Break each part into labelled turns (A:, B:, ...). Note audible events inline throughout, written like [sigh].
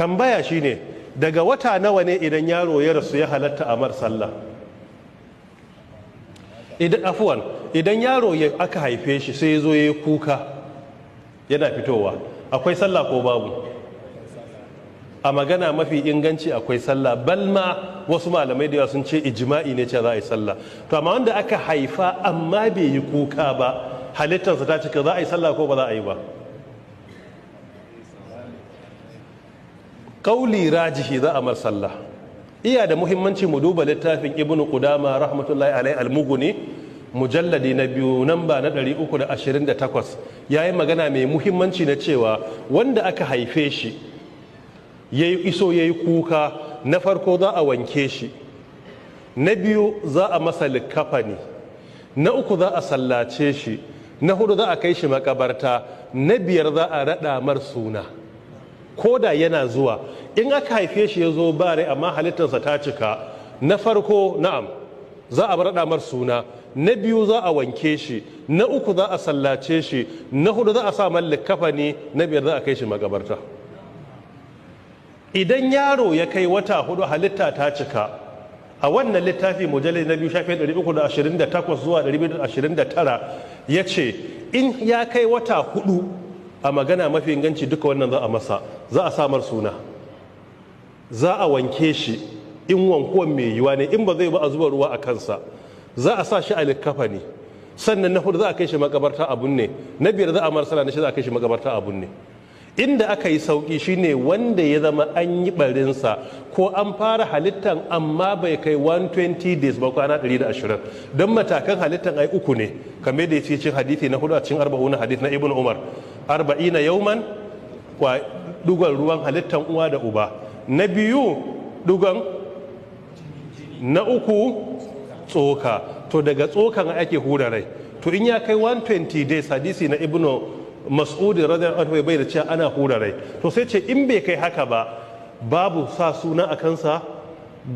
A: tambaya shine daga wata nawa ne idan yaro ya rasu ya halatta a mar sallah idan afuwan idan yaro ya aka haife shi sai zo ya kuka yana fitowa akwai sallah ko babu a magana mafi inganci akwai sallah balma wasu malamai da yawa sun ce ijima'i ne ce za a yi sallah to amma wanda aka haifa amma bai yi kuka ba halittarsa ta cika za a yi sallah ko ba za a yi ba ƙauli rajihi za a marsalla iya da muhimmanci mu duba littafin Ibn qudama rahmatullahi alai almuguni mujalladi na biyu namba na 328 yayi magana mai muhimmanci na cewa wanda aka haife shi yayi iso yayi kuka na farko za a wanke shi na biyu za a masa likafani na uku za a sallace shi na hudu za a kai shi makabarta na biyar za a raɗa mar suna Koda yana zuwa in aka haife shi ya zo ba rai amma halittarsa ta cika na farko na'am za a bar damar suna na biyu za a wanke shi na uku za a sallace shi na hudu za a sa mallakafa ne na biyar za a kai shi magabarta idan yaro ya kai wata hudu halitta ta cika a wannan littafi mujallar na biyu shafi 328 zuwa 229 ya ce in ya kai wata hudu a magana mafi inganci duka wannan za a masa za a samar suna za a wanke shi in wankuwan mai yiwa ne in ba zai ba a zuba ruwa a kansa za a sa shi a likafa ne sannan na hudu za a kai shi makabarta abun ne na biyar za a marsala na shi za a kai shi makabarta abun ne inda aka yi sauki shine wanda ya zama an yi barinsa ko an fara halittan amma bai kai 120 days ba kwana 120 don matakan halittan ai uku ne kamar da ya ce cin hadithi na hudu a cin arba'una hadith na ibn umar arba'ina yauman kwa dugon ruwan halittan uwa da uba na biyu dugon na uku tsoka to daga tsokan ake hura rai to in ya kai 120 days hadisi na ibnu mas'udi radiyallahu anhu bai da cewa ana hura rai to sai ce in bai kai haka ba babu sa suna a kansa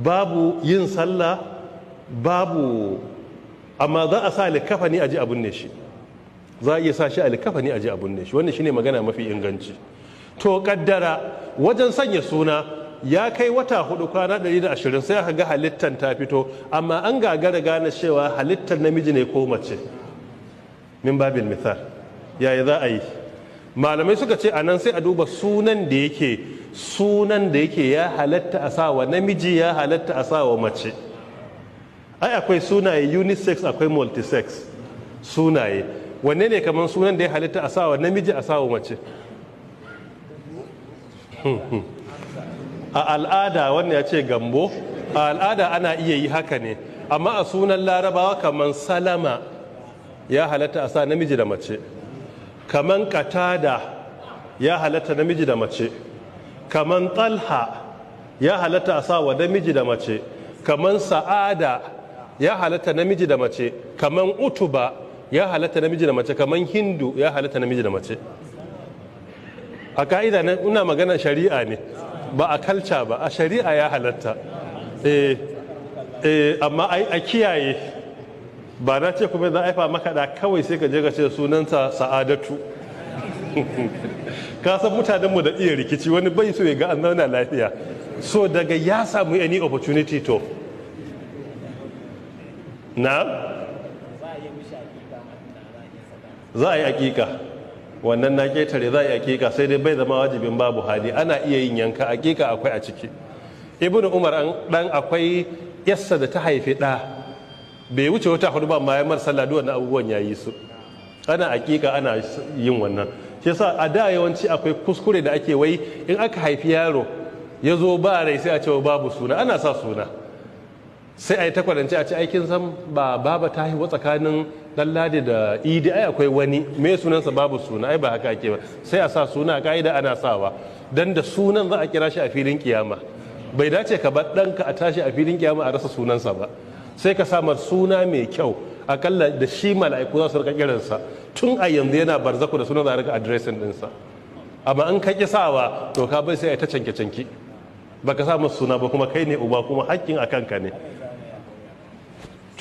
A: babu yin sallah babu amma za a sa likafani a ji abin ne shi za a iya sa shi a ne a ji abun ne shi wannan shine magana mafi inganci to kaddara wajen sanya suna ya kai wata hudu kwana 120 sai aka ga halittar ta fito amma an gagara gane cewa halittar namiji ne ko mace min babil misal yaya za a yi malamai suka ce anan sai a duba sunan da yake sunan da yake ya halatta a sawa namiji ya halatta a sawa mace ai akwai sunaye unisex akwai multisex sunaye wanne ne kamar sunan da ya halitta a sawa namiji a sawa mace hmm, hmm. a al'ada wannan ya ce gambo a al'ada ana iya yi haka ne amma a sunan larabawa kamar salama ya halatta a sa namiji da mace kamar katada ya halatta namiji da mace kamar talha ya halatta a sa wa namiji da mace kamar sa'ada ya halatta namiji da mace kamar utuba ya halatta namiji da mace kamar hindu ya halatta namiji da mace a ka'ida na ina magana shari'a ne ba a kalca ba a shari'a ya halatta eh, eh, amma a kiyaye ba na ce kuma za a haifa maka da kawai sai ka je ka ce sunansa sa'adatu [laughs] ka san mutanenmu da iya rikici wani bai so ya ga an zauna lafiya so daga ya samu any opportunity to na za a yi aƙiƙa wannan na ƙetare za a yi aƙiƙa sai dai bai zama wajibin babu hali ana iya yin yanka aƙiƙa akwai a ciki Ibn umar dan akwai yassa da ta haifi ɗa bai wuce wata hudu ba bayan mar duk abubuwan yayi su ana aƙiƙa ana yin wannan shi yasa a da yawanci akwai kuskure da ake wai in aka haifi yaro ya zo ba rai sai a cewa babu suna ana sa suna sai a yi takwadance a ci aikin san ba baba ta haihuwa tsakanin lallade da idi ai akwai wani me sunansa babu suna ai ba haka ake ba sai a sa suna ka'ida ana sawa dan da sunan za a kira shi a filin kiyama bai dace ka bar ɗanka a tashi a filin kiyama a rasa sunansa ba sai ka samar suna mai kyau akalla da shi mala'iku za su rika kiransa tun a yanzu yana barzaku da sunan za a rika adiresin ɗinsa amma an ka ƙi sawa to ka bai sai a ta canke-canke baka sa masu suna ba kuma kai ne uba kuma hakkin a kanka ne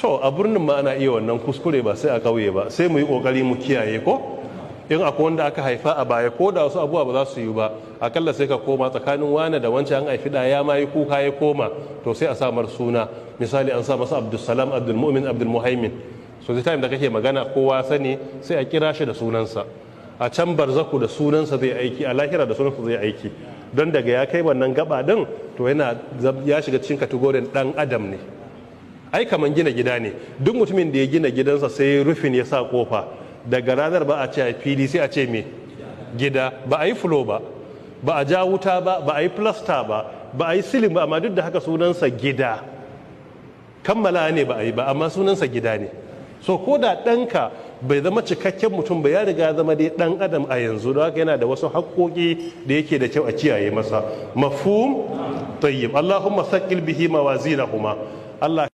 A: to a birnin ma ana iya wannan kuskure ba sai a ƙauye ba sai mu yi ƙoƙari mu kiyaye ko in akwai wanda aka haifa a baya ko da wasu abubuwa ba za su yi ba akalla sai ka koma tsakanin wane da wancan an haifi da ya ma yi kuka ya koma to sai a samar suna misali an sa masa abdulsalam abdulmumin abdulmuhaimin so the time da kake magana kowa sani sai a kira shi da sunansa a can barzaku da sunansa zai aiki a lahira da sunansa zai aiki don daga ya kai wannan gaba din to yana ya shiga cikin katigorin ɗan adam ne ai kaman gina gida ne duk mutumin da ya gina gidansa sai rufin ya sa kofa daga ranar ba a ce fili sai a ce me gida ba a yi fulo ba ba a ja wuta ba ba a yi plasta ba ba a yi silin ba amma duk da haka sunansa gida kammala ne ba a yi ba amma sunansa gida ne so ko da ɗanka bai zama cikakken mutum ba ya riga zama dai ɗan adam a yanzu don haka yana da wasu haƙoƙi da yake da kyau a kiyaye masa mafhum tayyib allahumma saqil bihi mawazinahuma allah